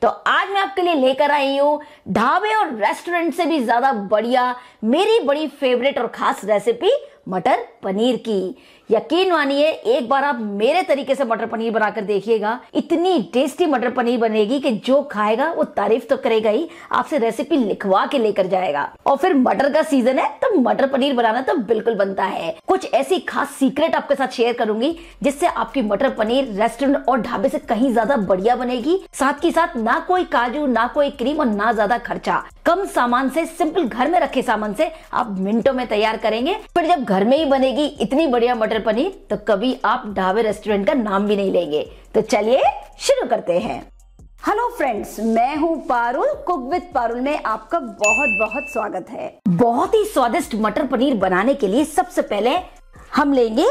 तो आज मैं आपके लिए लेकर आई हूँ ढाबे और रेस्टोरेंट से भी ज्यादा बढ़िया मेरी बड़ी फेवरेट और खास रेसिपी मटर पनीर की यकीन मानिए एक बार आप मेरे तरीके से मटर पनीर बनाकर देखिएगा इतनी टेस्टी मटर पनीर बनेगी कि जो खाएगा वो तारीफ तो करेगा ही आपसे रेसिपी लिखवा के लेकर जाएगा और फिर मटर का सीजन है तो मटर पनीर बनाना तो बिल्कुल बनता है कुछ ऐसी खास सीक्रेट आपके साथ शेयर करूंगी जिससे आपकी मटर पनीर रेस्टोरेंट और ढाबे से कहीं ज्यादा बढ़िया बनेगी साथ ही साथ ना कोई काजू ना कोई क्रीम और ना ज्यादा खर्चा कम सामान से सिंपल घर में रखे सामान से आप मिनटों में तैयार करेंगे फिर जब घर घर में ही बनेगी इतनी बढ़िया मटर पनीर तो कभी आप ढाबे रेस्टोरेंट का नाम भी नहीं लेंगे तो चलिए शुरू करते हैं हेलो फ्रेंड्स मैं हूँ पारुल कुक विद पारुल में आपका बहुत बहुत स्वागत है बहुत ही स्वादिष्ट मटर पनीर बनाने के लिए सबसे पहले हम लेंगे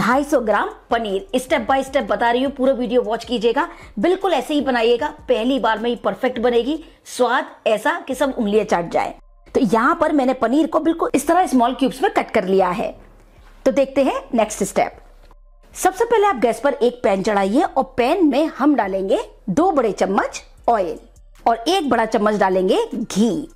250 gram paneer step by step बता रही हूँ पूरा वीडियो वॉच कीजिएगा बिल्कुल ऐसे ही बनाइएगा पहली बार में ही परफेक्ट बनेगी स्वाद ऐसा कि सब उंगलियां चाट जाए तो यहाँ पर मैंने पनीर को बिल्कुल इस तरह स्मॉल क्यूब्स में कट कर लिया है तो देखते हैं नेक्स्ट स्टेप सबसे पहले आप गैस पर एक पैन चढ़ाइए और पैन में हम डालेंगे दो बड़े चम्मच ऑयल और एक बड़ा चम्मच डालेंगे घी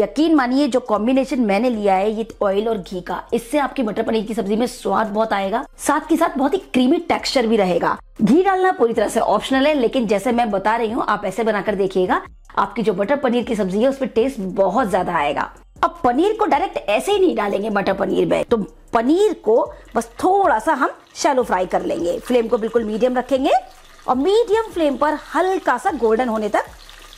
यकीन मानिए जो कॉम्बिनेशन मैंने लिया है ये ऑयल और घी का इससे आपकी मटर पनीर की सब्जी में स्वाद बहुत आएगा साथ के साथ बहुत ही क्रीमी टेक्सचर भी रहेगा घी डालना पूरी तरह से ऑप्शनल है लेकिन जैसे मैं बता रही हूँ आप ऐसे बनाकर देखिएगा आपकी जो मटर पनीर की सब्जी है उसमें टेस्ट बहुत ज्यादा आएगा अब पनीर को डायरेक्ट ऐसे ही नहीं डालेंगे मटर पनीर में तो पनीर को बस थोड़ा सा हम शैलो फ्राई कर लेंगे फ्लेम को बिल्कुल मीडियम रखेंगे और मीडियम फ्लेम पर हल्का सा गोल्डन होने तक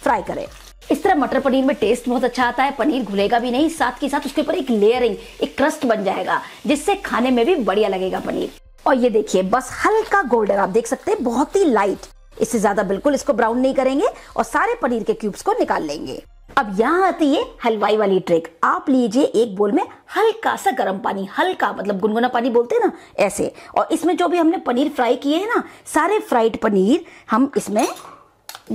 फ्राई करें इस तरह मटर पनीर में टेस्ट बहुत अच्छा आता है पनीर घुलेगा भी नहीं साथ के साथ उसके ऊपर एक लेयरिंग एक क्रस्ट बन जाएगा जिससे खाने में भी बढ़िया लगेगा पनीर और ये देखिए बस हल्का गोल्डन आप देख सकते हैं बहुत ही लाइट इससे ज्यादा बिल्कुल इसको ब्राउन नहीं करेंगे और सारे पनीर के क्यूब्स को निकाल लेंगे अब यहाँ आती है हलवाई वाली ट्रिक आप लीजिए एक बोल में हल्का सा गर्म पानी हल्का मतलब गुनगुना पानी बोलते हैं ना ऐसे और इसमें जो भी हमने पनीर फ्राई किए हैं ना सारे फ्राइड पनीर हम इसमें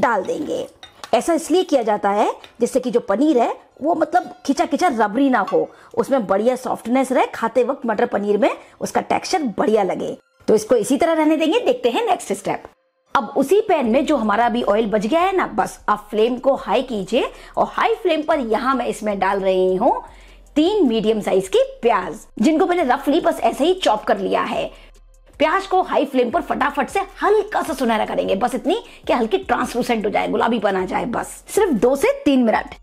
डाल देंगे ऐसा इसलिए किया जाता है जिससे कि जो पनीर है वो मतलब खिंचा खिंचा रबरी ना हो उसमें बढ़िया सॉफ्टनेस रहे खाते वक्त मटर पनीर में उसका टेक्सचर बढ़िया लगे तो इसको इसी तरह रहने देंगे देखते हैं नेक्स्ट स्टेप अब उसी पैन में जो हमारा अभी ऑयल बच गया है ना बस आप फ्लेम को हाई कीजिए और हाई फ्लेम पर यहाँ मैं इसमें डाल रही हूँ तीन मीडियम साइज की प्याज जिनको मैंने रफली बस ऐसे ही चॉप कर लिया है प्याज को हाई फ्लेम पर फटाफट से हल्का सा सुनहरा करेंगे बस इतनी कि हल्की ट्रांसलूसेंट हो जाए गुलाबी बना जाए बस सिर्फ दो से तीन मिनट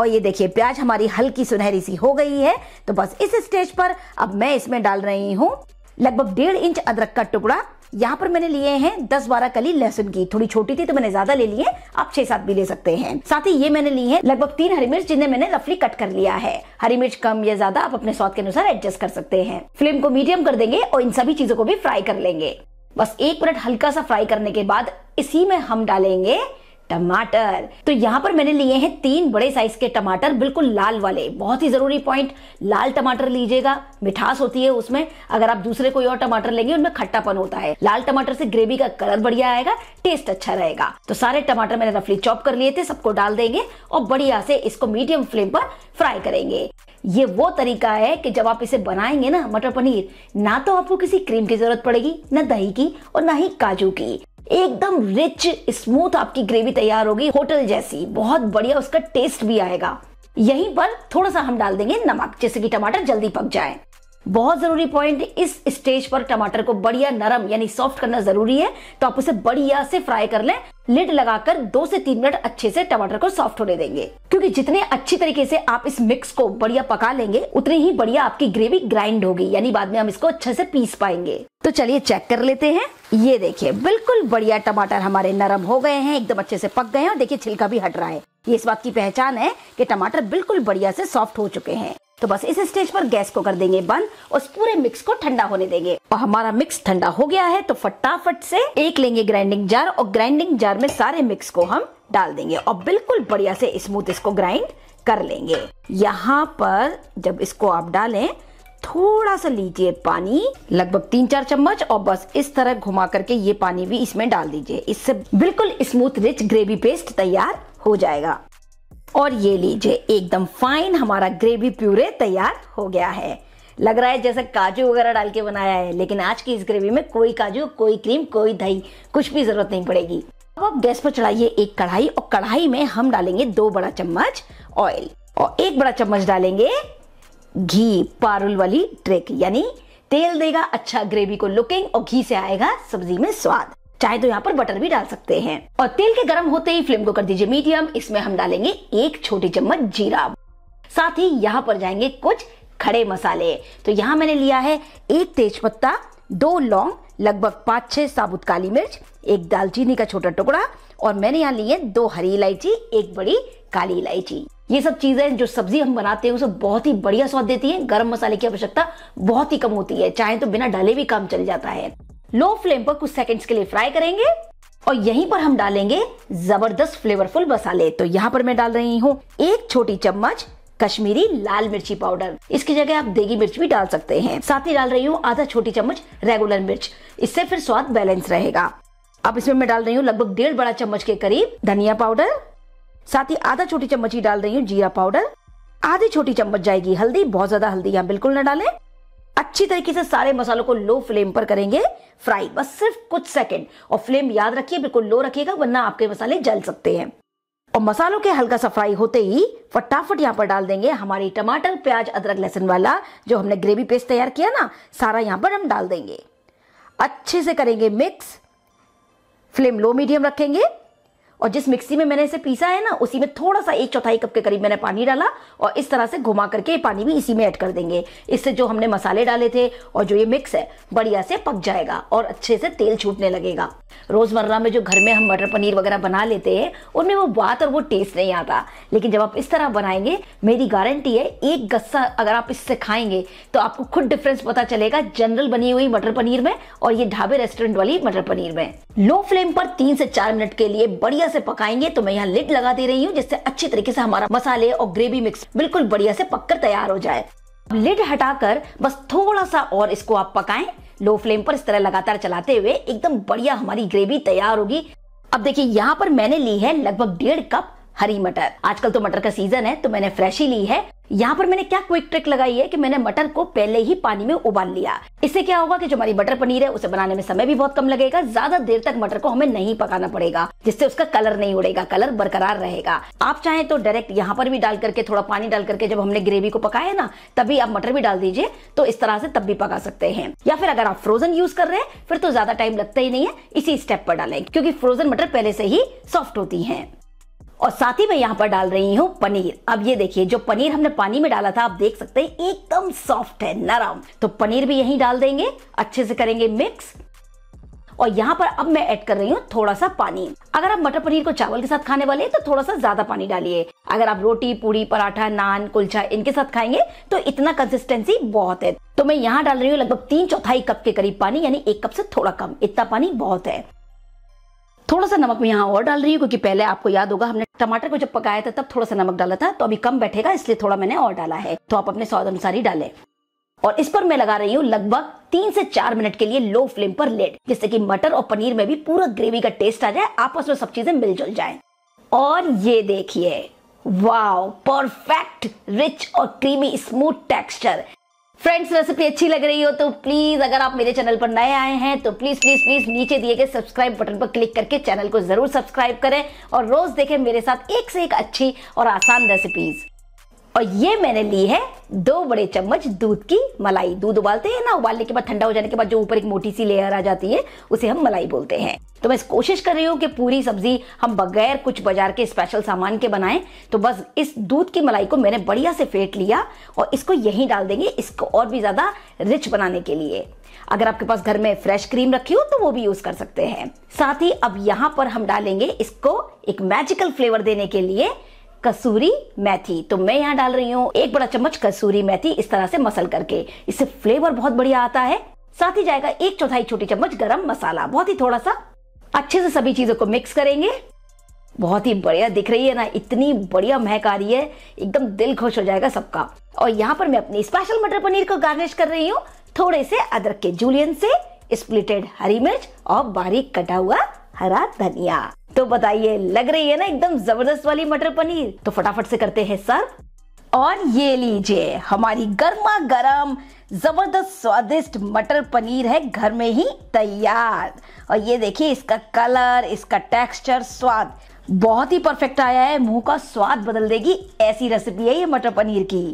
और ये देखिए प्याज हमारी हल्की सुनहरी सी हो गई है तो बस इस स्टेज पर अब मैं इसमें डाल रही हूँ लगभग डेढ़ इंच अदरक का टुकड़ा यहाँ पर मैंने लिए हैं दस बारह कली लहसुन की थोड़ी छोटी थी तो मैंने ज्यादा ले लिए आप छह सात भी ले सकते हैं साथ ही ये मैंने ली है लगभग तीन हरी मिर्च जिन्हें मैंने रफली कट कर लिया है हरी मिर्च कम या ज्यादा आप अपने स्वाद के अनुसार एडजस्ट कर सकते हैं फ्लेम को मीडियम कर देंगे और इन सभी चीजों को भी फ्राई कर लेंगे बस एक मिनट हल्का सा फ्राई करने के बाद इसी में हम डालेंगे टमाटर तो यहाँ पर मैंने लिए हैं तीन बड़े साइज के टमाटर बिल्कुल लाल वाले बहुत ही जरूरी पॉइंट लाल टमाटर लीजिएगा मिठास होती है उसमें अगर आप दूसरे कोई और टमाटर लेंगे उनमें खट्टापन होता है लाल टमाटर से ग्रेवी का कलर बढ़िया आएगा टेस्ट अच्छा रहेगा तो सारे टमाटर मैंने रफली चॉप कर लिए थे सबको डाल देंगे और बढ़िया से इसको मीडियम फ्लेम पर फ्राई करेंगे ये वो तरीका है कि जब आप इसे बनाएंगे ना मटर पनीर ना तो आपको किसी क्रीम की जरूरत पड़ेगी ना दही की और ना ही काजू की एकदम रिच स्मूथ आपकी ग्रेवी तैयार होगी होटल जैसी बहुत बढ़िया उसका टेस्ट भी आएगा यहीं पर थोड़ा सा हम डाल देंगे नमक जैसे कि टमाटर जल्दी पक जाए बहुत ज़रूरी पॉइंट इस स्टेज पर टमाटर को बढ़िया नरम यानी सॉफ्ट करना ज़रूरी है तो आप उसे बढ़िया से फ्राई कर लें लिड लगाकर दो से तीन मिनट अच्छे से टमाटर को सॉफ्ट होने देंगे क्योंकि जितने अच्छी तरीके से आप इस मिक्स को बढ़िया पका लेंगे उतनी ही बढ़िया आपकी ग्रेवी ग्राइंड होगी यानी बाद में हम इसको अच्छे से पीस पाएंगे तो चलिए चेक कर लेते हैं ये देखिए बिल्कुल बढ़िया टमाटर हमारे नरम हो गए हैं एकदम अच्छे से पक गए हैं और देखिए छिलका भी हट रहा है ये इस बात की पहचान है कि टमाटर बिल्कुल बढ़िया से सॉफ्ट हो चुके हैं तो बस इस स्टेज पर गैस को कर देंगे बंद और उस पूरे मिक्स को ठंडा होने देंगे और हमारा मिक्स ठंडा हो गया है तो फटाफट से एक लेंगे ग्राइंडिंग जार और ग्राइंडिंग जार में सारे मिक्स को हम डाल देंगे और बिल्कुल बढ़िया से स्मूथ इसको ग्राइंड कर लेंगे यहाँ पर जब इसको आप डालें थोड़ा सा लीजिए पानी लगभग तीन चार चम्मच और बस इस तरह घुमा करके ये पानी भी इसमें डाल दीजिए इससे बिल्कुल स्मूथ रिच ग्रेवी पेस्ट तैयार हो जाएगा और ये लीजिए एकदम फाइन हमारा ग्रेवी प्यूरे तैयार हो गया है लग रहा है जैसे काजू वगैरह डाल के बनाया है लेकिन आज की इस ग्रेवी में कोई काजू कोई क्रीम कोई दही कुछ भी जरूरत नहीं पड़ेगी अब आप गैस पर चढ़ाइए एक कढ़ाई और कढ़ाई में हम डालेंगे दो बड़ा चम्मच ऑयल और एक बड़ा चम्मच डालेंगे घी पारुल वाली ट्रिक यानी तेल देगा अच्छा ग्रेवी को लुकिंग और घी से आएगा सब्जी में स्वाद चाहे तो यहाँ पर बटर भी डाल सकते हैं और तेल के गर्म होते ही फ्लेम को कर दीजिए मीडियम इसमें हम डालेंगे एक छोटी चम्मच जीरा साथ ही यहाँ पर जाएंगे कुछ खड़े मसाले तो यहाँ मैंने लिया है एक तेज पत्ता दो लौंग लगभग पाँच छह साबुत काली मिर्च एक दालचीनी का छोटा टुकड़ा और मैंने यहाँ लिए दो हरी इलायची एक बड़ी काली इलायची ये सब चीज़ें जो सब्जी हम बनाते हैं उसे बहुत ही बढ़िया स्वाद देती है गर्म मसाले की आवश्यकता बहुत ही कम होती है चाहे तो बिना डाले भी काम चल जाता है लो फ्लेम पर कुछ सेकंड्स के लिए फ्राई करेंगे और यहीं पर हम डालेंगे जबरदस्त फ्लेवरफुल मसाले तो यहाँ पर मैं डाल रही हूँ एक छोटी चम्मच कश्मीरी लाल मिर्ची पाउडर इसकी जगह आप देगी मिर्च भी डाल सकते हैं साथ ही डाल रही हूँ आधा छोटी चम्मच रेगुलर मिर्च इससे फिर स्वाद बैलेंस रहेगा अब इसमें मैं डाल रही हूँ लगभग डेढ़ बड़ा चम्मच के करीब धनिया पाउडर साथ ही आधा छोटी चम्मच ही डाल रही हूँ जीरा पाउडर आधी छोटी चम्मच जाएगी हल्दी बहुत ज्यादा हल्दी यहाँ बिल्कुल न डालें अच्छी तरीके से सारे मसालों को लो फ्लेम पर करेंगे फ्राई बस सिर्फ कुछ सेकंड और फ्लेम याद रखिए बिल्कुल लो रखिएगा वरना आपके मसाले जल सकते हैं और मसालों के हल्का सा फ्राई होते ही फटाफट यहाँ पर डाल देंगे हमारी टमाटर प्याज अदरक लहसुन वाला जो हमने ग्रेवी पेस्ट तैयार किया ना सारा यहाँ पर हम डाल देंगे अच्छे से करेंगे मिक्स फ्लेम लो मीडियम रखेंगे और जिस मिक्सी में मैंने इसे पीसा है ना उसी में थोड़ा सा एक चौथाई कप के करीब मैंने पानी डाला और इस तरह से घुमा करके पानी भी इसी में ऐड कर देंगे इससे जो हमने मसाले डाले थे और जो ये मिक्स है बढ़िया से पक जाएगा और अच्छे से तेल छूटने लगेगा रोजमर्रा में जो घर में हम मटर पनीर वगैरह बना लेते हैं उनमें वो बात और वो टेस्ट नहीं आता लेकिन जब आप इस तरह बनाएंगे मेरी गारंटी है एक गस्सा अगर आप इससे खाएंगे तो आपको खुद डिफरेंस पता चलेगा जनरल बनी हुई मटर पनीर में और ये ढाबे रेस्टोरेंट वाली मटर पनीर में लो फ्लेम पर तीन से चार मिनट के लिए बढ़िया बढ़िया से पकाएंगे तो मैं यहाँ लिड लगा दे रही हूँ जिससे अच्छी तरीके से हमारा मसाले और ग्रेवी मिक्स बिल्कुल बढ़िया से पककर तैयार हो जाए लिड हटाकर बस थोड़ा सा और इसको आप पकाएं लो फ्लेम पर इस तरह लगातार चलाते हुए एकदम बढ़िया हमारी ग्रेवी तैयार होगी अब देखिए यहाँ पर मैंने ली है लगभग डेढ़ कप हरी मटर आजकल तो मटर का सीजन है तो मैंने फ्रेश ही ली है यहाँ पर मैंने क्या क्विक ट्रिक लगाई है कि मैंने मटर को पहले ही पानी में उबाल लिया इससे क्या होगा कि जो हमारी मटर पनीर है उसे बनाने में समय भी बहुत कम लगेगा ज्यादा देर तक मटर को हमें नहीं पकाना पड़ेगा जिससे उसका कलर नहीं उड़ेगा कलर बरकरार रहेगा आप चाहे तो डायरेक्ट यहाँ पर भी डाल करके थोड़ा पानी डाल करके जब हमने ग्रेवी को पकाया ना तभी आप मटर भी डाल दीजिए तो इस तरह से तब भी पका सकते हैं या फिर अगर आप फ्रोजन यूज कर रहे हैं फिर तो ज्यादा टाइम लगता ही नहीं है इसी स्टेप पर डालें क्योंकि फ्रोजन मटर पहले से ही सॉफ्ट होती है और साथ ही मैं यहाँ पर डाल रही हूँ पनीर अब ये देखिए जो पनीर हमने पानी में डाला था आप देख सकते हैं एकदम सॉफ्ट है नरम तो पनीर भी यही डाल देंगे अच्छे से करेंगे मिक्स और यहाँ पर अब मैं ऐड कर रही हूँ थोड़ा सा पानी अगर आप मटर पनीर को चावल के साथ खाने वाले हैं तो थोड़ा सा ज्यादा पानी डालिए अगर आप रोटी पूरी पराठा नान कुलचा इनके साथ खाएंगे तो इतना कंसिस्टेंसी बहुत है तो मैं यहाँ डाल रही हूँ लगभग तीन चौथाई कप के करीब पानी यानी एक कप से थोड़ा कम इतना पानी बहुत है थोड़ा सा नमक मैं यहाँ और डाल रही हूँ क्योंकि पहले आपको याद होगा हमने टमाटर को जब पकाया था तब थोड़ा सा नमक डाला था तो अभी कम बैठेगा इसलिए थोड़ा मैंने और डाला है तो आप अपने स्वाद अनुसार ही डालें और इस पर मैं लगा रही हूँ लगभग तीन से चार मिनट के लिए लो फ्लेम पर लेड जिससे कि मटर और पनीर में भी पूरा ग्रेवी का टेस्ट आ जाए आपस में सब चीजें मिलजुल जाए और ये देखिए वाओ परफेक्ट रिच और creamy smooth texture friends recipe अच्छी लग रही हो तो प्लीज़ अगर आप मेरे चैनल पर नए आए हैं तो प्लीज़ प्लीज़ प्लीज़ नीचे दिए गए सब्सक्राइब बटन पर क्लिक करके चैनल को ज़रूर सब्सक्राइब करें और रोज़ देखें मेरे साथ एक से एक अच्छी और आसान रेसिपीज़ और ये मैंने ली है दो बड़े चम्मच दूध की मलाई दूध उबालते हैं ना उबालने के बाद ठंडा हो जाने के बाद जो ऊपर एक मोटी सी लेयर आ जाती है उसे हम मलाई बोलते हैं तो मैं कोशिश कर रही हूँ कि पूरी सब्जी हम बगैर कुछ बाजार के स्पेशल सामान के बनाएं तो बस इस दूध की मलाई को मैंने बढ़िया से फेंट लिया और इसको यही डाल देंगे इसको और भी ज़्यादा रिच बनाने के लिए अगर आपके पास घर में फ्रेश क्रीम रखी हो तो वो भी यूज कर सकते हैं साथ ही अब यहाँ पर हम डालेंगे इसको एक मैजिकल फ्लेवर देने के लिए कसूरी मेथी तो मैं यहाँ डाल रही हूँ एक बड़ा चम्मच कसूरी मेथी इस तरह से मसल करके इससे फ्लेवर बहुत बढ़िया आता है साथ ही जाएगा एक चौथाई छोटी चम्मच गरम मसाला बहुत ही थोड़ा सा अच्छे से सभी चीजों को मिक्स करेंगे बहुत ही बढ़िया दिख रही है ना इतनी बढ़िया महक आ रही है एकदम दिल खुश हो जाएगा सबका और यहाँ पर मैं अपनी स्पेशल मटर पनीर को गार्निश कर रही हूँ थोड़े से अदरक के जूलियन से स्प्लिटेड हरी मिर्च और बारीक कटा हुआ हरा धनिया तो बताइए लग रही है ना एकदम जबरदस्त वाली मटर पनीर तो फटाफट से करते हैं सर और ये लीजिए हमारी गर्मा गर्म जबरदस्त स्वादिष्ट मटर पनीर है घर में ही तैयार और ये देखिए इसका कलर इसका टेक्सचर स्वाद बहुत ही परफेक्ट आया है मुंह का स्वाद बदल देगी ऐसी रेसिपी है ये मटर पनीर की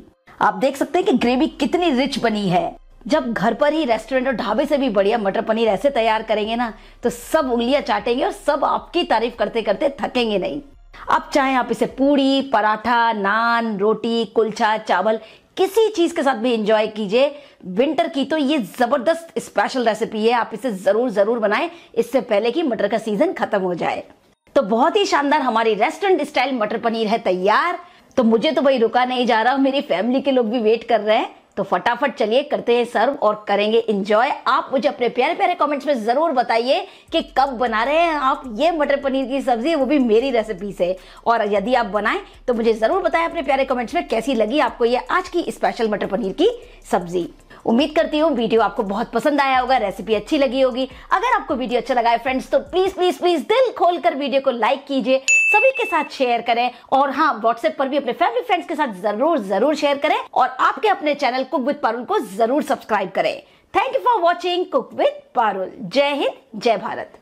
आप देख सकते हैं कि ग्रेवी कितनी रिच बनी है जब घर पर ही रेस्टोरेंट और ढाबे से भी बढ़िया मटर पनीर ऐसे तैयार करेंगे ना तो सब उंगलियां चाटेंगे और सब आपकी तारीफ करते करते थकेंगे नहीं आप चाहे आप इसे पूड़ी पराठा नान रोटी कुलचा चावल किसी चीज के साथ भी इंजॉय कीजिए विंटर की तो ये जबरदस्त स्पेशल रेसिपी है आप इसे जरूर जरूर बनाएं इससे पहले कि मटर का सीजन खत्म हो जाए तो बहुत ही शानदार हमारी रेस्टोरेंट स्टाइल मटर पनीर है तैयार तो मुझे तो भाई रुका नहीं जा रहा मेरी फैमिली के लोग भी वेट कर रहे हैं तो फटाफट चलिए करते हैं सर्व और करेंगे इंजॉय आप मुझे अपने प्यारे प्यारे कमेंट्स में ज़रूर बताइए कि कब बना रहे हैं आप ये मटर पनीर की सब्ज़ी वो भी मेरी रेसिपी से और यदि आप बनाएं तो मुझे ज़रूर बताएं अपने प्यारे कमेंट्स में कैसी लगी आपको ये आज की स्पेशल मटर पनीर की सब्ज़ी उम्मीद करती हूँ वीडियो आपको बहुत पसंद आया होगा रेसिपी अच्छी लगी होगी अगर आपको वीडियो अच्छा लगा है फ्रेंड्स तो प्लीज़ प्लीज़ प्लीज़ दिल खोलकर वीडियो को लाइक कीजिए सभी के साथ शेयर करें और हाँ व्हाट्सएप पर भी अपने फैमिली फ्रेंड्स के साथ जरूर जरूर शेयर करें और आपके अपने चैनल कुक विद पारुल को जरूर सब्सक्राइब करें thank you for watching cook with Parul जय हिंद जय भारत